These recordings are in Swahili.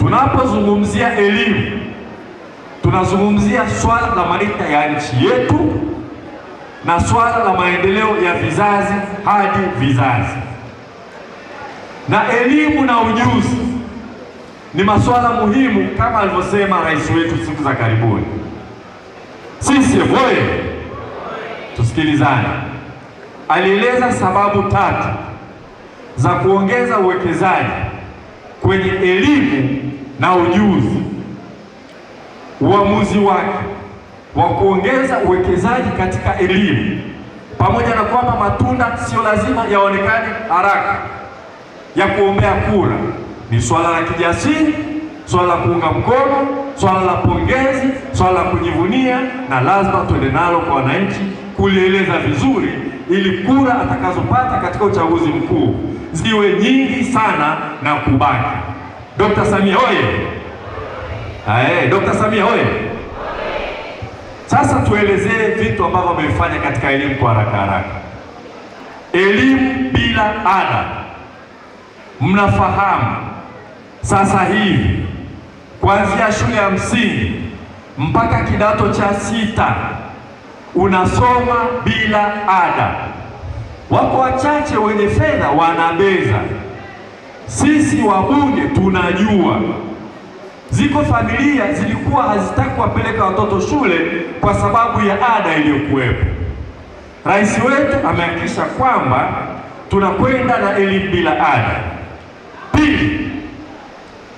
Tunapozungumzia elimu, tunazungumzia swala la maisha ya nchi yetu na swala la maendeleo ya vizazi hadi vizazi, na elimu na ujuzi ni masuala muhimu kama alivyosema rais wetu siku za karibuni. Sisi voye tusikilizane, alieleza sababu tatu za kuongeza uwekezaji kwenye elimu na ujuzi. Uamuzi wake wa kuongeza uwekezaji katika elimu, pamoja na kwamba matunda sio lazima yaonekane haraka, ya kuombea kura, ni swala la kijasiri, swala la kuunga mkono, swala la pongezi, swala la kujivunia, na lazima tuende nalo kwa wananchi kulieleza vizuri ili kura atakazopata katika uchaguzi mkuu ziwe nyingi sana na kubaki. Dr. Samia oye! Aye, Dr. Samia oye! Sasa tuelezee vitu ambavyo amevifanya katika elimu kwa haraka haraka. Elimu bila ada, mnafahamu sasa hivi kuanzia shule ya msingi mpaka kidato cha sita unasoma bila ada. Wako wachache wenye fedha wanabeza, sisi wabunge tunajua ziko familia zilikuwa hazitaki kuwapeleka watoto shule kwa sababu ya ada iliyokuwepo. Rais wetu amehakikisha kwamba tunakwenda na elimu bila ada. Pili,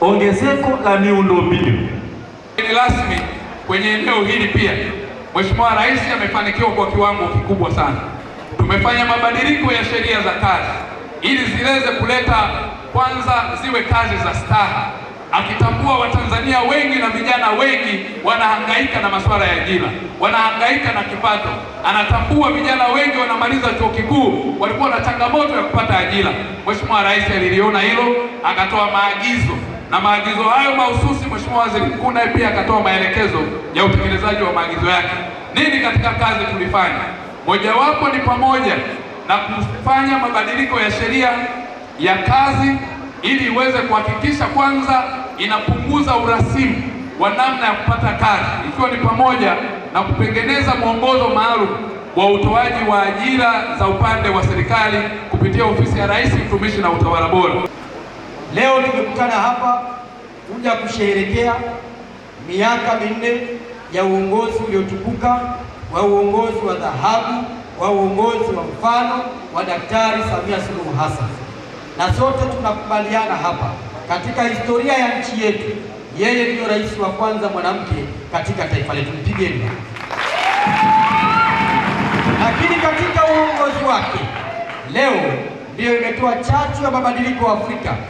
ongezeko la miundombinu rasmi kwenye eneo hili pia Mheshimiwa Rais amefanikiwa kwa kiwango kikubwa sana. Tumefanya mabadiliko ya sheria za kazi ili ziweze kuleta kwanza, ziwe kazi za staha, akitambua Watanzania wengi na vijana wengi wanahangaika na masuala ya ajira, wanahangaika na kipato. Anatambua vijana wengi wanamaliza chuo kikuu walikuwa na changamoto ya kupata ajira. Mheshimiwa Rais aliliona hilo akatoa maagizo na maagizo hayo mahususi, Mheshimiwa Waziri Mkuu naye pia akatoa maelekezo ya utekelezaji wa maagizo yake. Nini katika kazi tulifanya? Mojawapo ni pamoja na kufanya mabadiliko ya sheria ya kazi ili iweze kuhakikisha kwanza inapunguza urasimu wa namna ya kupata kazi, ikiwa ni pamoja na kutengeneza mwongozo maalum wa utoaji wa ajira za upande wa serikali kupitia ofisi ya Rais, utumishi na utawala bora tumekutana hapa kuja kusherehekea miaka minne ya uongozi uliotukuka wa uongozi wa dhahabu wa uongozi wa mfano wa Daktari Samia Suluhu Hassan, na sote tunakubaliana hapa, katika historia ya nchi yetu, yeye ndiyo rais wa kwanza mwanamke katika taifa letu, mpigeni. Lakini katika uongozi wake leo ndiyo imetoa chachu ya mabadiliko Afrika.